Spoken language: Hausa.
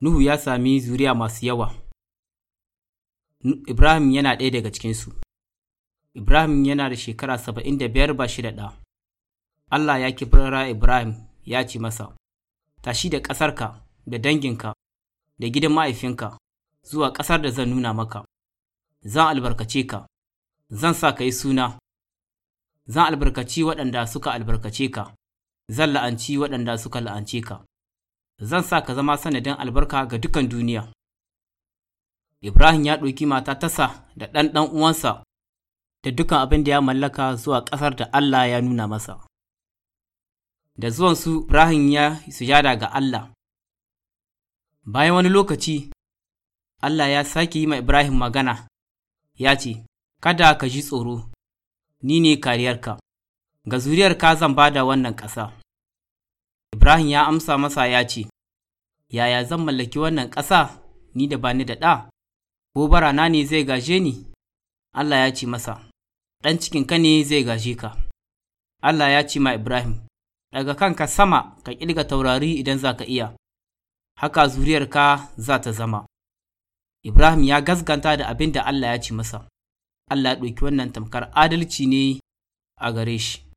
Nuhu ya sami zuriya masu yawa, Ibrahim yana ɗaya daga cikinsu. Ibrahim yana da shekara saba'in da biyar ba shi da ɗa. Allah ya kifara Ibrahim ya ce masa, Tashi da ƙasarka, da danginka, da gidan mahaifinka, zuwa ƙasar da zan nuna maka, zan albarkace ka, zan sa ka yi suna, zan albarkaci waɗanda suka albarkace ka, zan la'anci waɗanda suka la'ance ka. zan sa ka zama sanadin albarka ga dukan duniya. Ibrahim ya ɗauki mata tasa da ɗan ɗan uwansa da dukan abin da ya mallaka zuwa ƙasar da Allah ya nuna masa. Da zuwansu Ibrahim ya sujada ga Allah. Bayan wani lokaci, Allah ya sake yi ma Ibrahim magana, ya ce, Kada ka ji tsoro, ni ne kariyarka, ga zuriyarka zan bada wannan ƙasa. Ibrahim ya amsa masa ya ce, Yaya zan mallaki wannan ƙasa ni da bani da ɗa, ko barana ne zai gaje ni? Allah ya ce masa, Ɗan cikinka ne zai gaje ka. Allah ya ce ma Ibrahim, Daga kanka sama ka ƙirga taurari idan za ka iya, haka zuriyarka za ta zama. Ibrahim ya gaskanta da abin da Allah ya ce masa, Allah ya ɗauki wannan tamkar adalci ne a gare shi.